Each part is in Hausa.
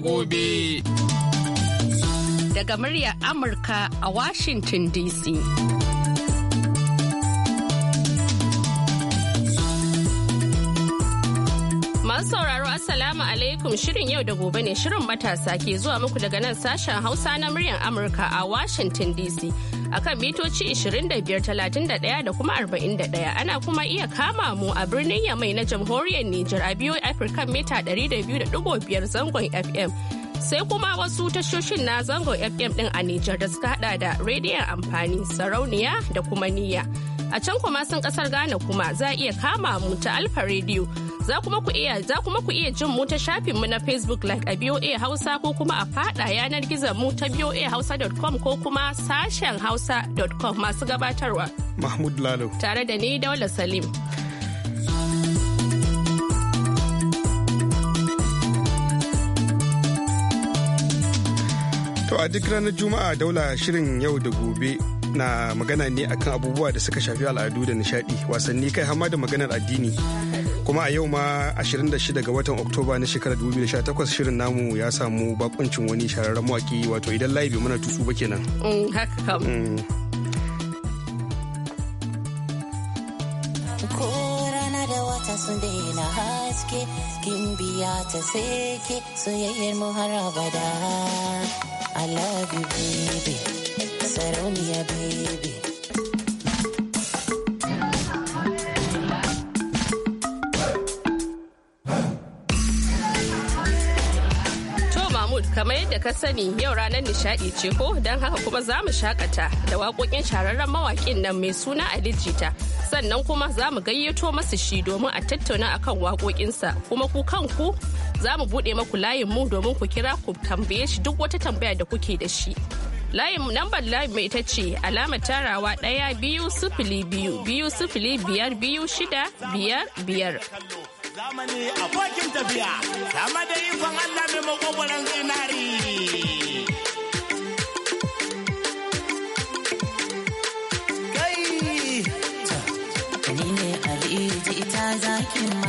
gobe. Daga muryar Amurka a Washington DC. Masu sauraro Assalamu alaikum shirin yau da gobe ne shirin matasa ke zuwa muku daga nan sashen Hausa na muryar Amurka a Washington DC. akan mitoci 2531 da kuma 41 ana kuma iya kama mu a birnin Yamai na jamhuriyar Nijar a biyo Afirka mita 200.5 zangon FM. Sai kuma wasu tashoshin na zangon FM din a Nijar da suka hada da rediyon amfani sarauniya da kuma niyya. A can kuma sun kasar Ghana kuma za iya kama mu ta Alfa Radio. Za kuma ku iya za kuma ku iya jin mu ta shafin mu na Facebook like a BOA Hausa ko kuma a fada yanar gizon mu ta boahausa.com ko kuma sashen hausa.com masu gabatarwa. Mahmud Lalo. Tare da ni Daula Salim. To a duk ranar Juma'a daula shirin yau da gobe na magana ne akan abubuwa da suka shafi al'adu da nishadi wasanni kai hama da maganar addini kuma a yau ma 26 ga watan oktoba na shekarar 2018 shirin namu ya samu bakuncin wani shararren mawaki wato idan layi bai mana tutsu ba kenan mm, mm. sun daina haske kin biya ta seke soyayyar mu har abada i love you baby kamar yadda ka sani yau ranar nishaɗi ce ko don haka kuma za mu shakata da waƙoƙin shahararren mawaƙin nan mai suna Ali Jita sannan kuma za mu gayyato masu shi domin a tattauna akan waƙoƙinsa kuma ku kanku za mu buɗe maku layin mu domin ku kira ku tambaye shi duk wata tambaya da kuke da shi. layin lambar layin mai ita ce alamar tarawa ɗaya biyu sifili biyu biyu sifili biyar biyu shida biyar biyar. Zamani abokin tafiya, dama da ikon Allah mai zinari. Kai! Ni ne ita zakin ma.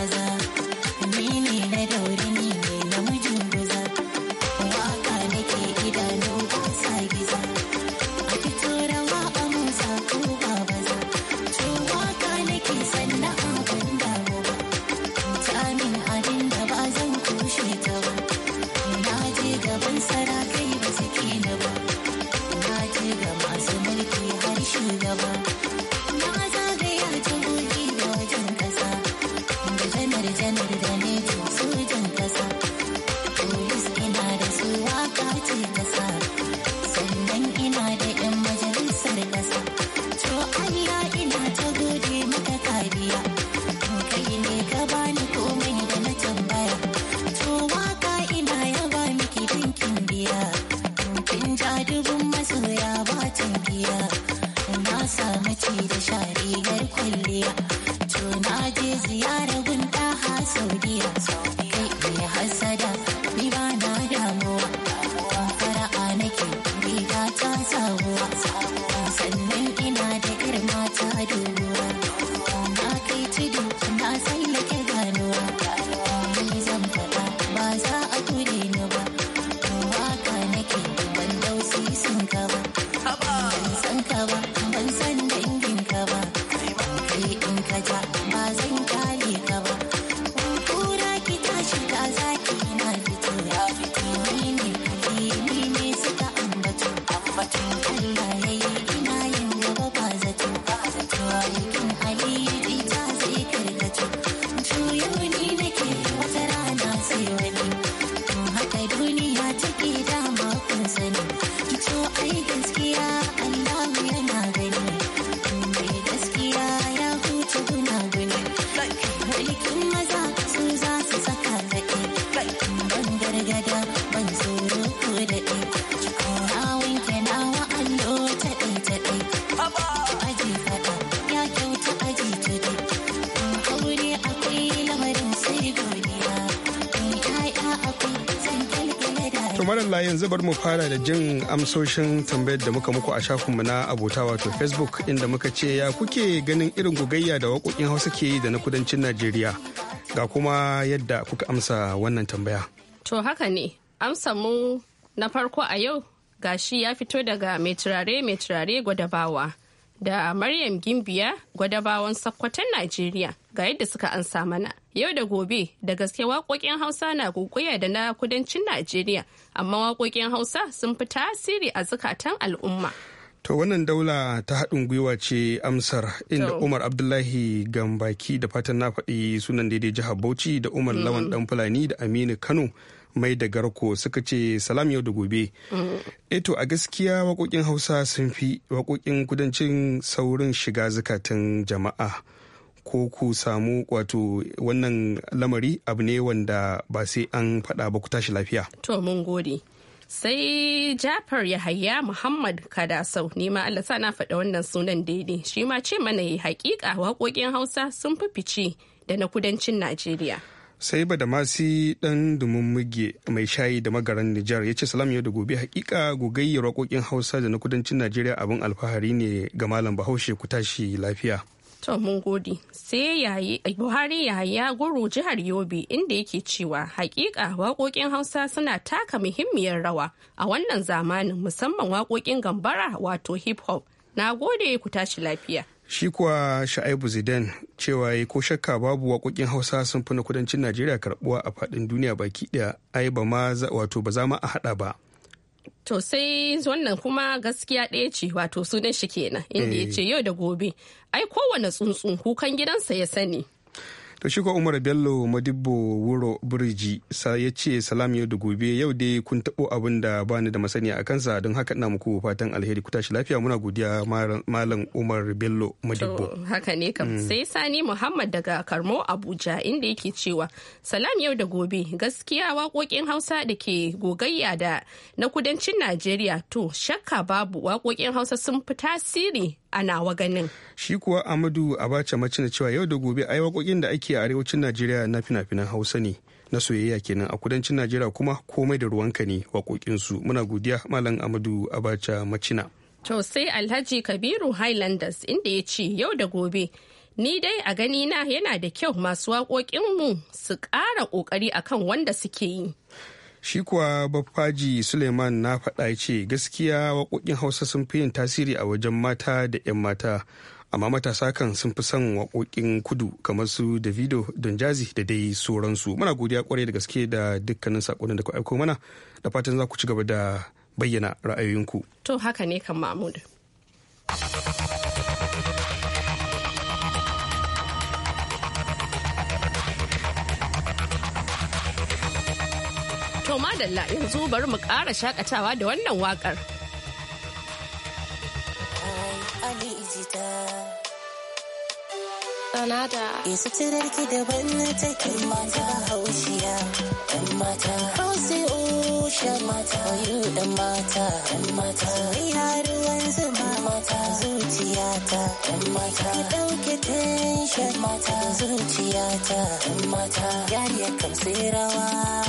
Allah yanzu bari mu fara da jin amsoshin tambayar da muka muku a shafinmu na abota wato facebook inda muka ce ya kuke ganin irin gugayya da waƙoƙin hausa ke yi da na kudancin najeriya ga kuma yadda kuka amsa wannan tambaya to haka ne amsa mu na farko a yau gashi ya fito daga mai turare mai turare gwadabawa da maryam gimbiya gwadabawan sakkwatan najeriya ga yadda suka ansa mana yau da gobe da gaske waƙoƙin hausa na guguya da na kudancin najeriya amma waƙoƙin hausa sun fi tasiri a zukatan al'umma to wannan daula ta haɗin gwiwa ce amsar inda umar abdullahi gambaki da fatan na faɗi sunan daidai jihar bauchi da umar mm. lawan dan fulani da aminu kano mai da garko suka ce salam yau da gobe mm. eto a gaskiya waƙoƙin hausa sun fi waƙoƙin kudancin saurin shiga zukatan jama'a ko ku samu wato wannan lamari abu ne wanda ba sai an faɗa ba ku tashi lafiya. To mun gode. sai jafar yahaya muhammad kadasau ni ma allah sa na faɗa wannan sunan daidai shi ma ce mana yi hakika waƙoƙin hausa sun fi fice da na kudancin najeriya sai badamasi dan muge mai shayi da magaran nijar ya ce salam yau da gobe hakika gogayyar waƙoƙin hausa da na kudancin najeriya abin alfahari ne ga malam bahaushe ku tashi lafiya To mun gode. Sai eh, Buhari Yahaya Guru jihar Yobe inda yake cewa hakika waƙoƙin Hausa suna taka muhimmiyar rawa a wannan zamanin musamman waƙoƙin gambara wato hip hop. Na gode ku tashi lafiya. Shi kuwa Sha'ibu Zidan cewa ko shakka babu waƙoƙin Hausa sun fi na kudancin Najeriya karbuwa a faɗin duniya baki ɗaya ai ba ma wato ba za ma a haɗa ba. To sai wannan kuma gaskiya ɗaya ce wato sunan shi kenan inda ya eh. ce yau da gobe ai kowane tsuntsu kukan gidansa ya sani. to shi ko umar bello madibbo wuro birji ya ce salam yau da gobe yau dai kun tabo abin da bani da masaniya a kansa don haka ina muku fatan alheri ku tashi lafiya muna godiya malam umar bello madibbo haka ne kam mm. sai sani muhammad daga karmo abuja inda yake cewa salam yau da gobe gaskiya waƙoƙin hausa da ke gogayya da na kudancin najeriya to shakka babu waƙoƙin hausa sun fi tasiri a nawa ganin. Shi kuwa Amadu Abacha macina cewa yau da gobe ai waƙoƙin da ake a arewacin Najeriya na fina-finan Hausa ne na soyayya kenan a kudancin Najeriya kuma komai da ruwanka ne su muna godiya Malam Amadu Abacha macina. To sai Alhaji Kabiru Highlanders inda ya ce yau da gobe ni dai a gani na yana da kyau masu mu su ƙara ƙoƙari akan wanda suke yi. shi kuwa baffaji suleiman na faɗa ce gaskiya waƙoƙin hausa sun fi yin tasiri a wajen mata da 'yan mata amma matasa kan sun fi son waƙoƙin kudu kamar su davido don jazi da dai sauransu muna godiya kwarai da gaske da dukkanin saƙonin da ku aiko mana da fatan za ku ci gaba da bayyana ra'ayoyinku to haka ne kan mahmud To madalla yanzu bari mu ƙara shakatawa da wannan waƙar. Anada. Yesu tirarki daban na take mata haushiya, ɗan mata. Hausi usha mata, oyu ɗan mata, ɗan mata. Wai haruwan zuma mata, zuciyata, ɗan mata. Ki ɗauke tenshin mata, zuciyata, ɗan mata. Yari ya kamsi rawa.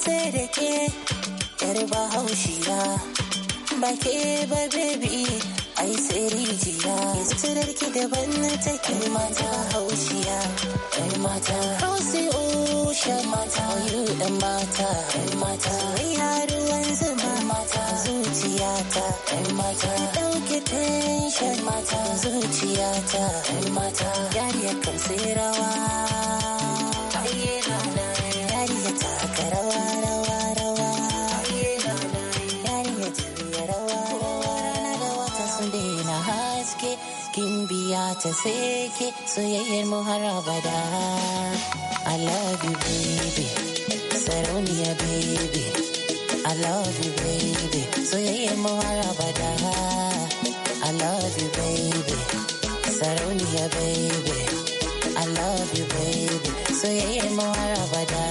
sai da ke yar ba haushiya ba ke ba bebi ai sai rijiya surar ki daban na take yar mata haushiya yar mata hausi shan mata you dan mata yar mata wai haruwan zuma mata ta. yar mata dauke tension mata ta. yar mata yar ya kan rawa ta sake soyayyar mu har abada I love you baby sarauniya baby I love you baby soyayyar mu har abada I love you baby sarauniya baby I love you baby soyayyar mu har abada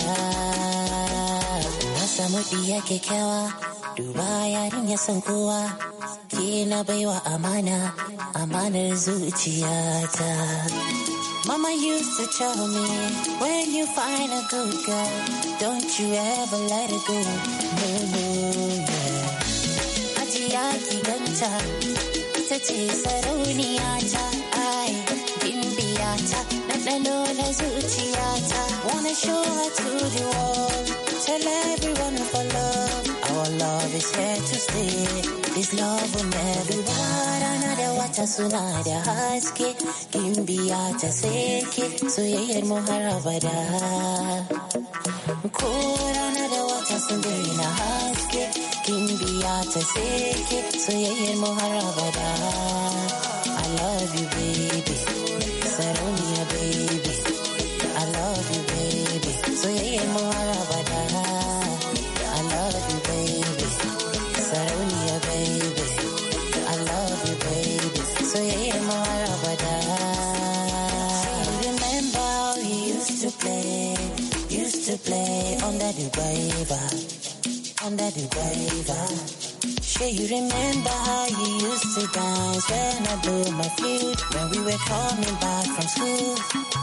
samu biya kyakkyawa duba yarin ya san kowa ke na baiwa amana amanar zuciyata mama used to tell me when you find a good girl don't you ever let it go no no yeah. ajiya ki ganta ta ce sarauniyata ta ai biya ta ɗanɗano na zuciyata wanna show her to the world Tell everyone of our love. Our love is here to stay. This love will never part. Another water soon at the haske. Kimbi ata seke. So yeah, moharabada. Kura another water soon during a haske. Kimbi ata seke. So yeah, moharabada. I love you, baby. Saronia, baby. I love you, baby. So yeah, moharabada. the waiver, under the waiver. Sure you remember how you used to dance when I blew my flute when we were coming back from school.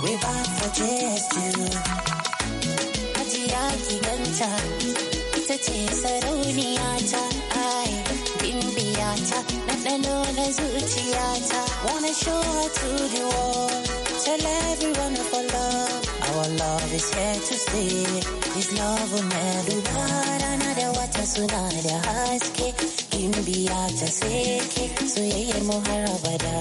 We back for just two. Ati ati ganta, ita ce sarauniyata, ai bimbiyata, na ɗano na zuciyata. Wanna show her to the world, tell everyone of our love. Our love is here to stay. This love na rana da wata suna da haske. Kin biya ta seke soyayyar mu har abada.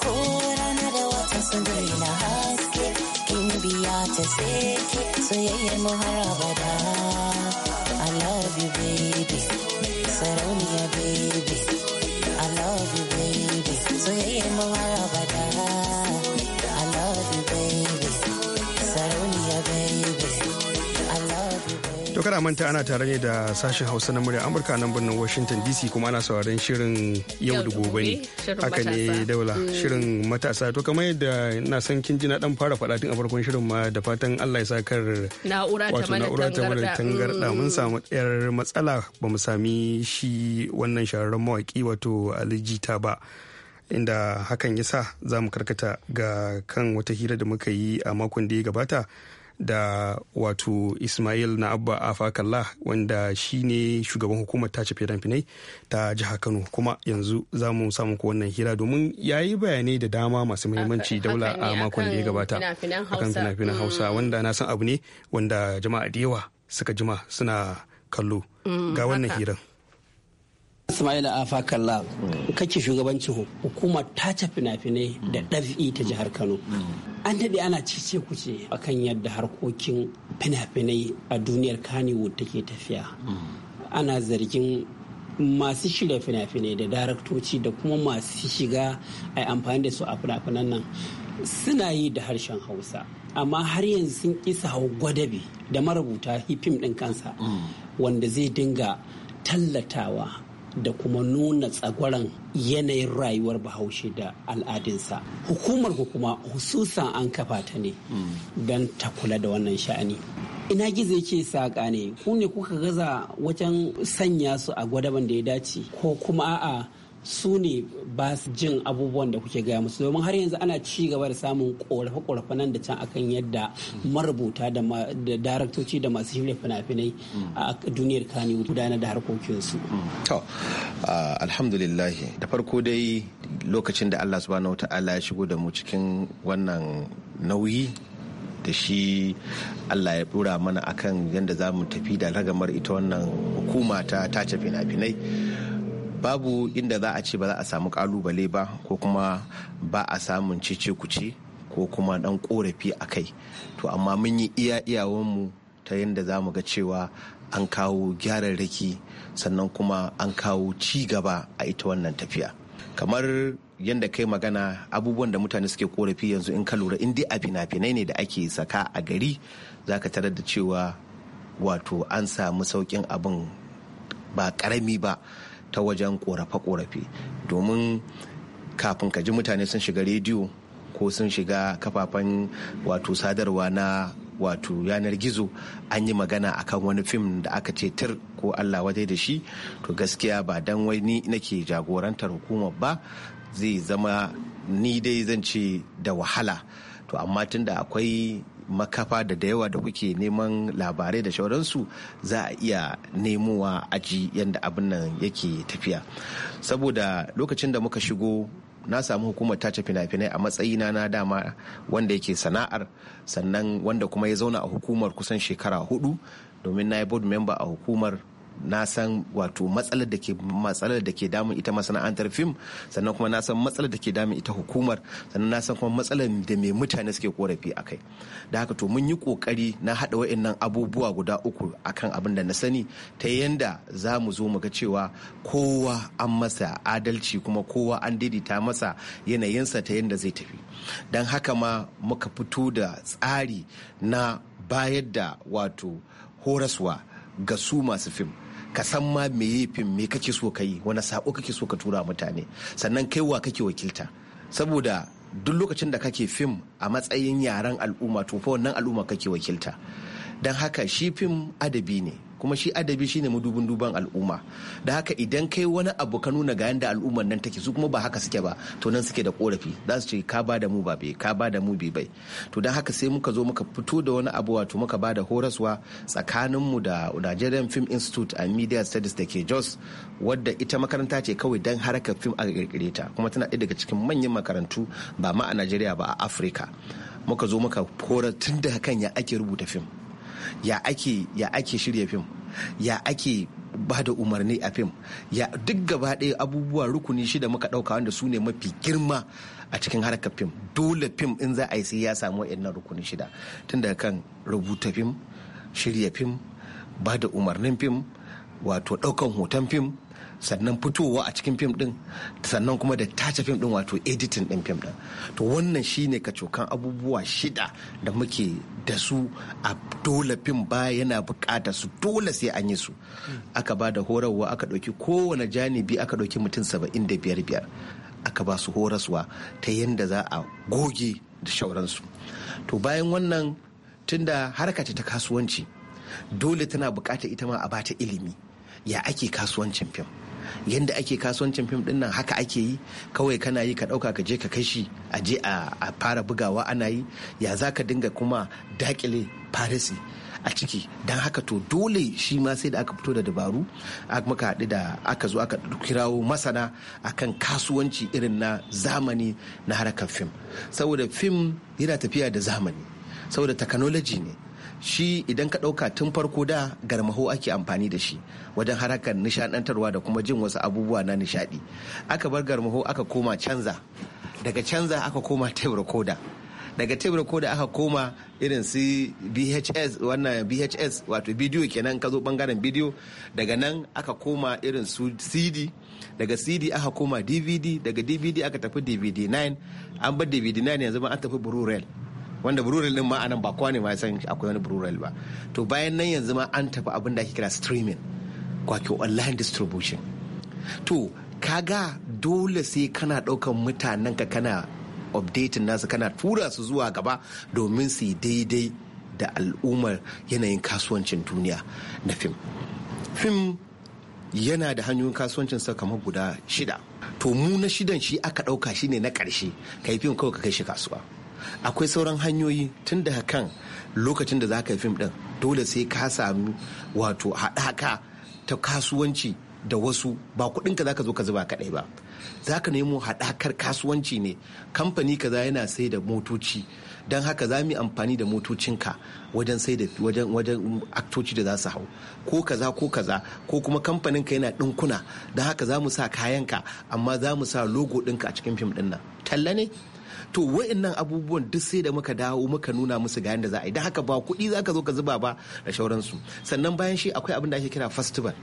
Ko rana da wata suna da haske. Kin biya ta seke so mu har abada. I love you baby, sarauniya baby. I love you baby, so mu har abada. kada manta ana tare ne da sashen hausa na murya amurka nan birnin washington dc kuma ana sauraron shirin yau da gobe ne haka ne daula mm. shirin matasa to kamar yadda ina san kin ji na dan fara faɗa tun a farkon shirin ma da fatan allah ya sakar wato na'ura ta mana tangarda mun mm. samu ɗayar matsala ba mu sami shi wannan shahararren mawaki wato alijita ba inda hakan ya sa za mu karkata ga kan wata hira da muka yi a makon da ya gabata da wato ismail na abba afakalla wanda shi ne shugaban hukumar tace finai ta jihar kano kuma yanzu za mu samu ko wannan hira domin ya yi bayanai da dama masu muhimmanci daula a makon da ya gabata akan fina-finan hausa mm. wanda na san abu ne wanda jama'a da yawa suka jima suna kallo mm, ga wannan hirar. Ismaila Afakalla kake shugabancin hukumar tace fina-finai da ɗafi ta jihar Kano. An daɗe ana cece kuce akan yadda harkokin fina-finai a duniyar Kannywood take tafiya. Ana zargin masu shirya fina-finai da daraktoci da kuma masu shiga a amfani da su a fina-finan nan suna yi da harshen Hausa. Amma har yanzu sun isa hau gwadabi da marubuta hifim ɗin kansa wanda zai dinga tallatawa da kuma nuna tsagwaran yanayin rayuwar bahaushe da al'adinsa hukumar hukuma hususan an kafa ta ne don ta kula da wannan sha'ani ina gizo yake saƙa ne ku ne kuka gaza wajen sanya su a gwadaban da ya dace ko kuma a'a su ne ba su jin abubuwan da kuke gaya musu domin har yanzu ana ci gaba da samun korafe-korafe nan da can akan yadda marubuta da daraktoci da masu shirya fina-finai mm. a duniyar kani gudanar da harkokinsu. Mm. to alhamdulillah da farko dai lokacin da allah subhanahu ta'ala ya shigo da mu cikin wannan nauyi da shi allah ya dura mana akan yadda zamu tafi da ragamar ita wannan hukuma ta tace fina-finai babu inda za a ce ba za a samu kalubale ba ko kuma ba a samun cece kuce ko kuma dan korafi a kai to amma mun yi iya iyawanmu ta yadda za mu ga cewa an kawo gyararraki sannan kuma an kawo ci gaba a ita wannan tafiya kamar yadda kai magana abubuwan da mutane suke korafi yanzu in ka lura in a fina-finai ne da ake saka a gari za ka tarar da cewa wato an samu saukin abin ba karami ba ta wajen korafe-korafe domin kafin ka ji mutane sun shiga rediyo ko sun shiga kafafen wato sadarwa na wato yanar gizo an yi magana akan wani fim da aka ce tir ko allah wadai da shi to gaskiya ba dan wani nake jagorantar hukumar ba zai zama ni dai zan ce da wahala to amma tunda akwai makafa da da yawa da kuke neman labarai da shauransu za a iya nemowa aji yadda abin nan yake tafiya saboda lokacin da muka shigo na samu hukumar tace fina-finai a matsayina na dama wanda yake sana'ar sannan wanda kuma ya zauna a hukumar kusan shekara hudu domin na yi board member a hukumar na san wato matsalar da ke matsalar da ke damun ita masana'antar fim sannan kuma na san matsalar da ke damun ita hukumar sannan na san kuma matsalar da mai mutane suke korafi a kai da haka to mun yi kokari na haɗa wa'annan abubuwa guda uku akan abin da na sani ta yanda za mu zo mu ga cewa kowa an masa adalci kuma kowa an daidaita masa yanayinsa ta yanda zai tafi don haka ma muka fito da tsari na bayar da wato horaswa ga su masu fim ka san ma me fim me kake so ka yi wani sako kake so ka tura mutane sannan kai wa kake wakilta saboda duk lokacin da kake fim a matsayin yaren al'umma to fa wannan al'umma kake wakilta don haka shi fim adabi ne kuma shi adabi shine mudubin duban al'umma da haka idan kai wani abu ka nuna ga yanda al'ummar nan take su kuma ba haka suke ba to nan suke da korafi za su ce ka ba da mu ba bai ka ba da mu bai bai to don haka sai muka zo muka fito da wani abu wato muka ba da horaswa mu da Nigerian Film Institute and Media Studies da ke Jos wadda ita makaranta ce kawai dan harkar fim a kirkire ta kuma tana ɗaya daga cikin manyan makarantu ba ma a Najeriya ba a Afirka muka zo muka horar tun da kan ya ake rubuta fim ya ake ya ake shirya fim ya ake ba da umarni a fim ya duk gaba ɗaya abubuwa rukuni shida muka ɗauka wanda su ne mafi girma a cikin harkar fim dole fim in za a yi sai ya samu wa'annan rukuni shida tun daga kan rubuta fim shirya fim ba da umarnin fim wato ɗaukan hoton fim sannan fitowa a cikin fim din sannan kuma da tace fim din wato editing din fim din to wannan shine kacokan abubuwa shida da muke da su a dole fim ba yana bukata su dole sai an yi su aka ba da horarwa aka dauki kowane janibi aka dauki mutum saba'in da biyar biyar aka ba su horaswa ta yadda za a goge da shauransu to bayan wannan tunda harka ta kasuwanci dole tana bukata ita ma a bata ilimi ya ake kasuwancin fim yadda ake kasuwancin fim din nan haka ake yi kawai kana yi ka ɗauka ka je ka kashi a je a fara bugawa ana yi ya za ka dinga kuma dakile farisi a ciki don haka to dole shi ma sai da aka fito da dabaru muka haɗu da aka zo aka kirawo masana akan kasuwanci irin na zamani na harkar fim saboda fim yana tafiya da zamani saboda technology ne shi idan ka ɗauka tun farko da garmaho ake amfani da shi wajen harakar nishadantarwa da kuma jin wasu abubuwa na nishadi aka bar garmaho aka koma canza daga canza aka koma tape recorder daga tape recorder aka koma irin su bhs wannan bhs wato bidiyo kenan ka zo bangaren bidiyo daga nan aka koma irin su cd daga cd aka koma dvd daga dvd aka tafi dvd 9 an bar dvd 9 yanzu ma an tafi blu-ray wanda blu din ma anan ba kowa ne ma ya san akwai wani blu ba to bayan nan yanzu ma an tafi abin da ake kira streaming kwaki online distribution to kaga dole sai kana daukan mutanen ka kana updating nasu kana tura su zuwa gaba domin su daidai da al'ummar yanayin kasuwancin duniya na fim fim yana da hanyoyin kasuwancin sa kamar guda shida to mu na shidan shi aka dauka shi ne na karshe ka fim kawai ka kai shi kasuwa akwai sauran hanyoyi tun da kan lokacin da za ka yi fim ɗin dole sai ka sami wato haɗaka ta kasuwanci da wasu ba kuɗinka za ka zo ka zuba kaɗai ba za ka nemo haɗakar kasuwanci ne kamfani kaza yana sai da motoci don haka za mu yi amfani da motocinka wajen sai da wajen wajen aktoci da za su hau ko kaza ko kaza ko kuma kamfaninka yana ɗinkuna don haka za mu sa kayanka amma za mu sa logo ɗinka a cikin fim ɗin nan talla ne to wa'annan abubuwan duk sai da muka dawo muka nuna musu ga yadda za a yi don haka ba kuɗi za ka zo ka zuba ba da shauransu sannan bayan shi akwai abin da ake kira festival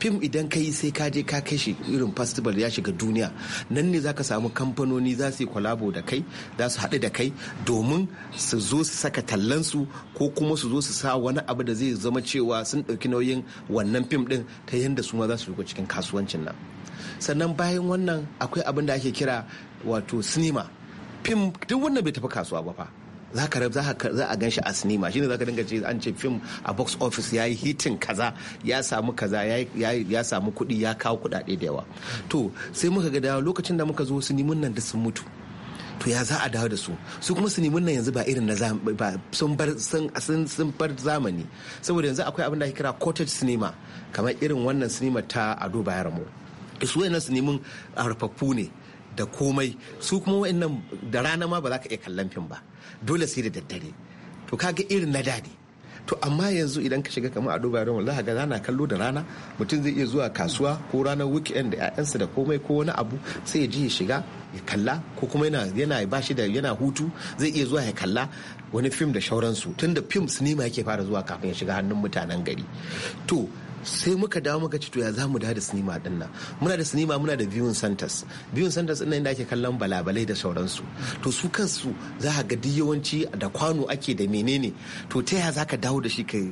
fim idan ka yi sai ka je ka kai shi irin festival ya shiga duniya nan ne za ka samu kamfanoni za su yi kwalabo da kai za su haɗu da kai domin su zo su saka tallansu ko kuma su zo su sa wani abu da zai zama cewa sun ɗauki nauyin wannan fim ɗin ta yadda su ma za su shigo cikin kasuwancin nan sannan bayan wannan akwai abin da ake kira wato sinima fim duk wannan bai tafi kasuwa ba fa za ka za a gan shi a sinima shine za ka dinga ce an ce fim a box office ya yi hitin kaza ya samu kaza ya samu kuɗi ya kawo kuɗaɗe da yawa to sai muka ga dawo lokacin da muka zo sinimun nan da sun mutu to ya za a dawo da su su kuma sinimun nan yanzu ba irin na sun bar sun bar zamani saboda yanzu akwai abin da ake kira cottage cinema kamar irin wannan sinima ta ado bayarmo su wayannan a rufaffu ne da komai su kuma wa'annan da rana ma ba za ka iya kallon fim ba dole sai da daddare to kaga irin na dadi to amma yanzu idan ka shiga kamar a duba yaron wallahi ga zana kallo da rana mutum zai iya zuwa kasuwa ko ranar weekend da ƴaƴansa da komai ko wani abu sai ya ji ya shiga ya kalla ko kuma yana yana ba shi da yana hutu zai iya zuwa ya kalla wani fim da shauransu tunda fim sinima yake fara zuwa kafin ya shiga hannun mutanen gari to sai muka dawo muka ci to ya zamu da sinima din nan muna da sinima muna da viewing centers viewing centers din nan da ake kallon balabalai da sauransu to su kansu za ka ga duk yawanci da kwano ake da menene to ta za zaka dawo da shi kai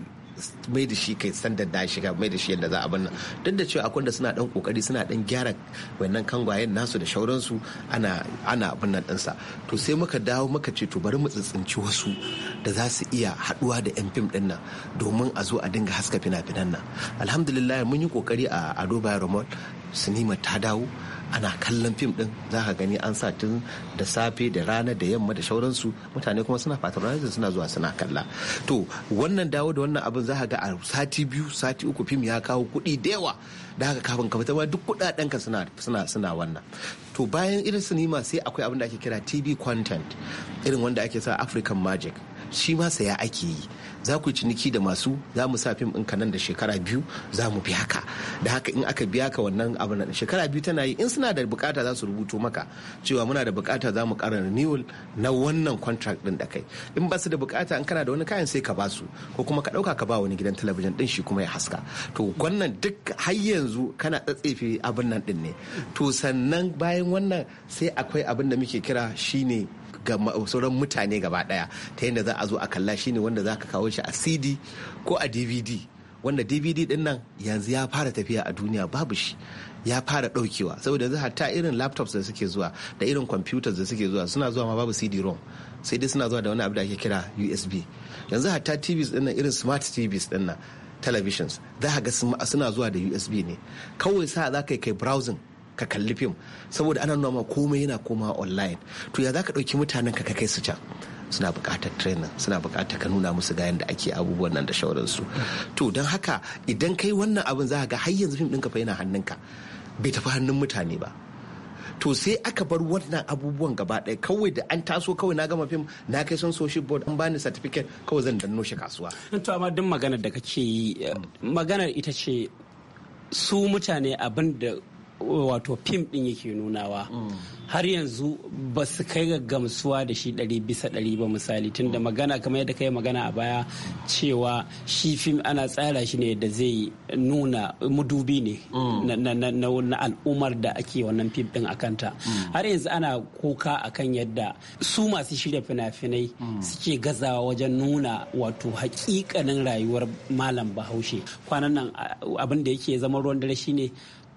mai da shi kai sandar da shi mai da shi yadda za a banna duk da cewa akwai da suna dan kokari suna dan gyara wannan kangwayen nasu da shauransu ana ana abin nan ɗinsa to sai muka dawo muka ce to bari mu tsitsinci wasu da za su iya haɗuwa da yan fim ɗin nan domin a zo a dinga haska fina-finan nan alhamdulillah mun yi kokari a ado remote sinima ta dawo ana kallon fim din za ka gani an sa tun da safe da rana da yamma da shauransu mutane kuma suna patronizing suna zuwa suna kalla to wannan dawo da wannan abin za ka ga a sati biyu sati uku fim ya kawo kuɗi da yawa da haka kafin ka fita duk kuɗaɗen ka suna suna suna wannan to bayan irin sinima sai akwai abin da ake kira tv content irin wanda ake sa african magic shi ma saya ake yi za ku ciniki da masu za mu sa fim ɗinka nan da shekara biyu za mu biya ka da haka in aka biya ka wannan abu nan shekara biyu tana yi in suna da bukata za su rubuto maka cewa muna da bukata za mu ƙara renewal na wannan contract ɗin da kai in ba su da bukata in kana da wani kayan sai ka ba su ko kuma ka ɗauka ka ba wani gidan talabijin ɗin shi kuma ya haska to wannan duk har yanzu kana tsatsefe abin nan ɗin ne to sannan bayan wannan sai akwai abin da muke kira shine ga sauran mutane gaba daya ta yadda za a zo a kalla shine wanda za ka kawo shi a cd ko a dvd wanda dvd din nan yanzu ya fara tafiya a duniya babu shi ya fara daukewa saboda yanzu hatta irin laptops da suke zuwa da irin computers da suke zuwa suna zuwa ma babu cd rom sai dai suna zuwa da wani abu da ake kira usb yanzu hatta tvs din nan irin smart tvs din nan televisions za ga suna zuwa da usb ne kawai sa za ka kai browsing ka kalli fim saboda ana nuna komai yana koma online to ya za ka ɗauki mutanen ka kai su can suna buƙatar training suna buƙatar ka nuna musu ga yadda ake abubuwan nan da shauransu to don haka idan kai wannan abin za ga har yanzu fim ɗinka fa yana hannunka bai tafi hannun mutane ba to sai aka bar wannan abubuwan gaba ɗaya kawai da an taso kawai na gama fim na kai son social board an bani certificate kawai zan danno shi kasuwa to amma duk maganar da kake yi eh, maganar ita ce su mutane abin da wato fim din yake nunawa har yanzu ba su kai ga gamsuwa da shi ɗari bisa ɗari ba misali tun da magana kamar yadda kai magana a baya cewa shi fim ana tsara shi ne da zai nuna mudubi ne na al'ummar da ake wannan fim din akanta har yanzu ana kuka akan yadda su masu shirya fina-finai suke gazawa wajen nuna wato hakikanin rayuwar malam bahaushe kwanan nan abin da yake zama ruwan dare shine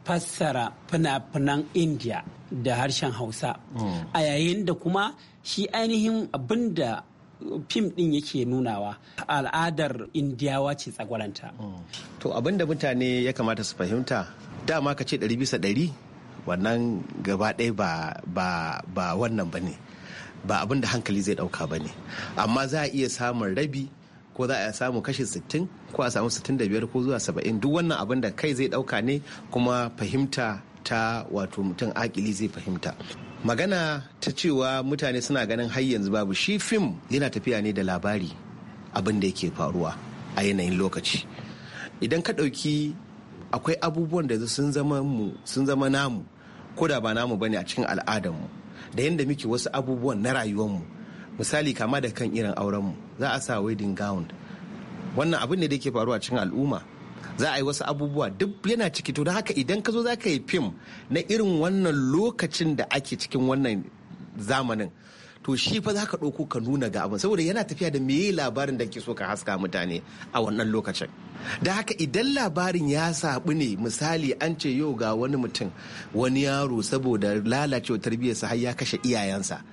fassara fina-finan Indiya da harshen hausa hmm. a yayin da kuma shi ainihin abinda fim din yake nunawa al'adar indiyawa ce tsagwaranta hmm. to abin da mutane ya kamata su fahimta dama ka ce ɗari bisa ɗari wannan gaba ɗaya ba wannan ba ne ba abin da hankali zai ɗauka ba ne amma za a iya samun rabi ko za a samu kashi 60 ko a samu 65 ko zuwa 70 duk wannan abin da kai zai dauka ne kuma fahimta ta wato mutum akili zai fahimta magana ta cewa mutane suna ganin har yanzu babu shi fim yana tafiya ne da labari abin da yake faruwa a yanayin lokaci idan ka ɗauki akwai abubuwan da sun zama mu sun zama namu ko da ba namu bane a cikin al'adarmu da yadda muke wasu abubuwan na rayuwarmu misali kama da kan irin aurenmu za a sa wedding gown wannan abin ne da ke faruwa cikin al'umma za a yi wasu abubuwa duk yana ciki to da haka idan ka zo za ka yi fim na irin wannan lokacin da ake cikin wannan zamanin to shi fa za ka ɗauko ka nuna ga abin saboda yana tafiya da meye labarin da ke so ka haska mutane a wannan lokacin da haka idan labarin ya saɓu ne misali an ce yau ga wani mutum wani yaro saboda lalacewa tarbiyyarsa har ya kashe iyayensa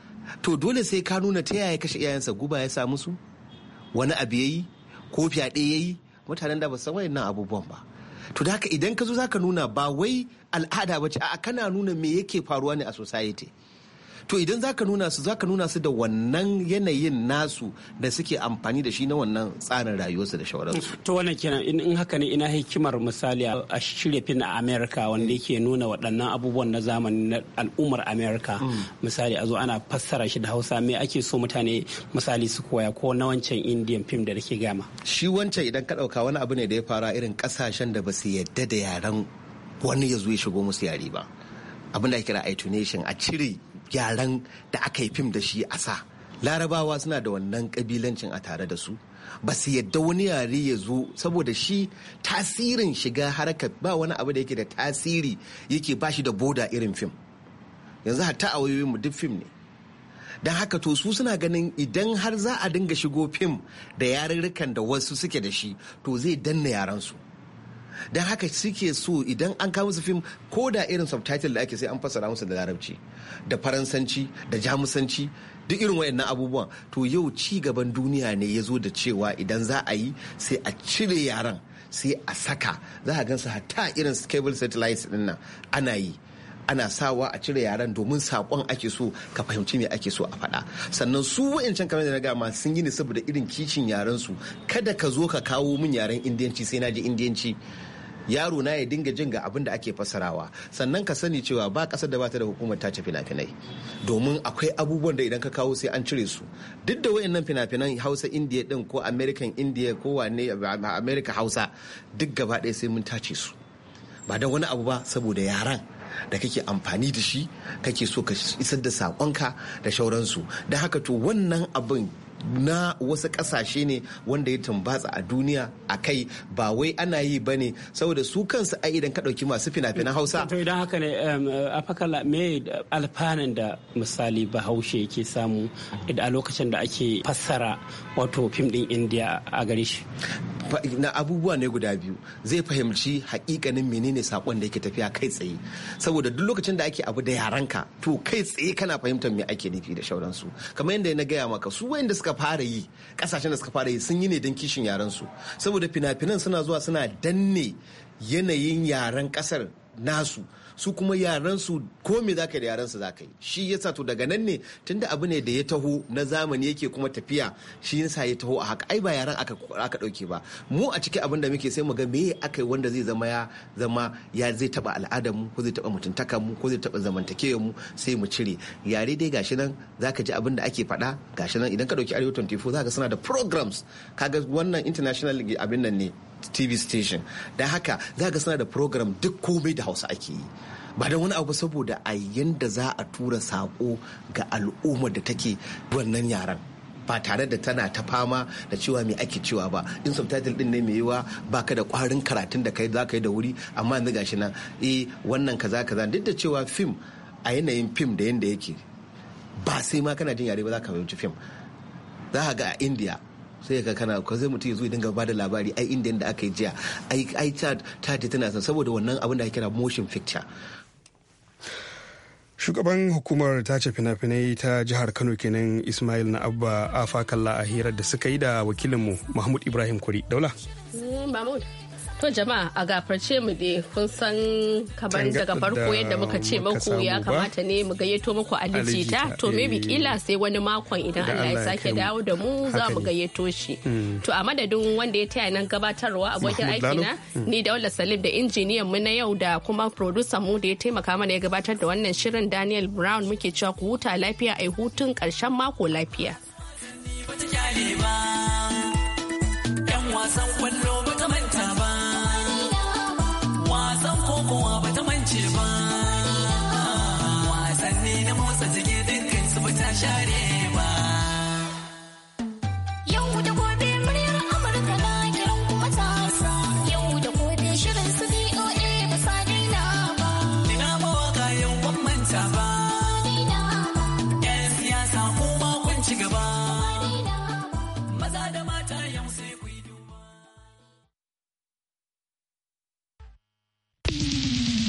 to dole sai ka nuna ta yaya kashe iyayensa guba ya sa musu wani abu yayi ko fyaɗe yayi mutanen da ba san wayannan abubuwan ba to da haka idan ka zo zaka nuna ba wai al'ada ba ce a kana nuna me yake faruwa ne a society to idan zaka nuna su zaka nuna su da wannan yanayin nasu da suke amfani da shi na wannan tsarin rayuwarsu da shawararsu to wannan kenan in haka ne ina hikimar misali a shirya fin a America wanda yake nuna waɗannan abubuwan na zamani na al'ummar America mm. misali a zo ana fassara shi da Hausa me ake so mutane misali su koya ko na wancan Indian film da rike gama shi wancan idan ka ɗauka wani abu ne da ya fara irin ƙasashen da ba su yadda da yaren wani ya zo ya shigo musu yari ba abin da kira a cire gyaran da aka yi fim da shi a sa larabawa suna da wannan kabilancin a tare da su ba su yadda wani yare ya zo saboda shi tasirin shiga harkar ba wani abu da yake da tasiri yake ba shi da boda irin fim yanzu hatta a mu duk fim ne don haka to su suna ganin idan har za a dinga shigo fim da yarurrukan da wasu suke da shi to zai danna yaransu don haka suke so idan an kawo musu fim ko da irin subtitle da ake sai an fasa musu da larabci da faransanci da jamusanci duk irin wayannan abubuwan to yau ci gaban duniya ne ya zo da cewa idan za a yi sai a cire yaran sai a saka za a gansu hatta irin cable satellites din nan ana yi ana sawa a cire yaran domin sakon ake so ka fahimci me ake so a faɗa sannan su wa'ancan kamar da na gama sun yi ne saboda irin kicin yaran su kada ka zo ka kawo min yaren indiyanci sai na ji indiyanci yaro na ya dinga jin ga abin da ake fasarawa sannan ka sani cewa ba kasar da bata da hukumar tace fina-finai domin akwai abubuwan da idan ka kawo sai an cire su duk da wayannan fina-finan hausa indiya din ko american indiya ko wane america hausa duk gaba ɗaya sai mun tace su ba don wani abu ba saboda yaran da kake amfani da shi kake so ka isar da saƙonka da shauransu da haka to wannan abin na wasu kasashe ne wanda ya tumbatsa a duniya a kai ba wai ana yi ba ne saboda su kansu ai idan ka ɗauki masu fina-finan hausa to idan haka ne a fakala me alfanan da misali bahaushe ke samu a lokacin da ake fassara wato fim din indiya a gare shi na abubuwa ne guda biyu zai fahimci hakikanin menene sakon da yake tafiya kai tsaye saboda duk lokacin da ake abu da yaranka to kai tsaye kana fahimtar me ake nufi da shauransu kamar yadda na gaya maka su wayanda suka fara yi kasashen da suka fara yi sun yi ne don kishin yaren su saboda fina-finan suna zuwa suna danne yanayin yaren kasar nasu su kuma yaran su ko me zaka da yaran su zaka yi shi yasa to daga nan ne tunda abu ne da ya taho na zamani yake kuma tafiya shi yasa ya taho a haka ai ba yaran aka aka dauke ba mu a cikin abin da muke sai mu ga meye aka yi wanda zai zama ya zama ya zai taba al'adar mu ko zai taba mutuntakar mu ko zai taba zamantakewar mu sai mu cire yare dai gashi nan zaka ji abin da ake faɗa gashi nan idan ka dauki Arewa 24 zaka suna da programs kaga wannan international abin nan ne tv station da haka za ga suna da program duk komai da hausa ake yi ba da wani abu saboda a yanda za a tura sako ga al'ummar da take wannan yaran ba tare da tana ta fama da cewa mai ake cewa ba in subtitle din ne mai yiwa baka da kwarin karatun da kai ka yi da wuri amma yanzu gashi nan eh wannan kaza kaza duk da cewa film a yanayin film da yanda yake ba sai ma kana jin yare ba za ka fahimci film za ka ga a india sai ka kana ko zai mutum ya zo ya dinga bada labari ai inda da aka yi jiya ai ai ta ta tana saboda wannan abin da ake kira motion picture shugaban hukumar ta ce fina-finai ta jihar kano kenan ismail na abba afakalla a hirar da suka yi da wakilinmu mahmud ibrahim kuri daula mm, To jama'a a gafarce mu dai kun san kamar daga farko yadda muka ce muku ya kamata ne mu gayyato muku a lijita to bi eh. kila sai wani makon idan Allah ya sake dawo da mu za mu gayyato shi. Mm. To a madadin wanda ya taya nan gabatarwa abokin aiki na mm. ni Daula Salim da injiniyan mu na yau da kuma producer mu da ya taimaka mana ya gabatar da wannan shirin Daniel Brown muke cewa ku huta lafiya ai hutun karshen mako lafiya. wasan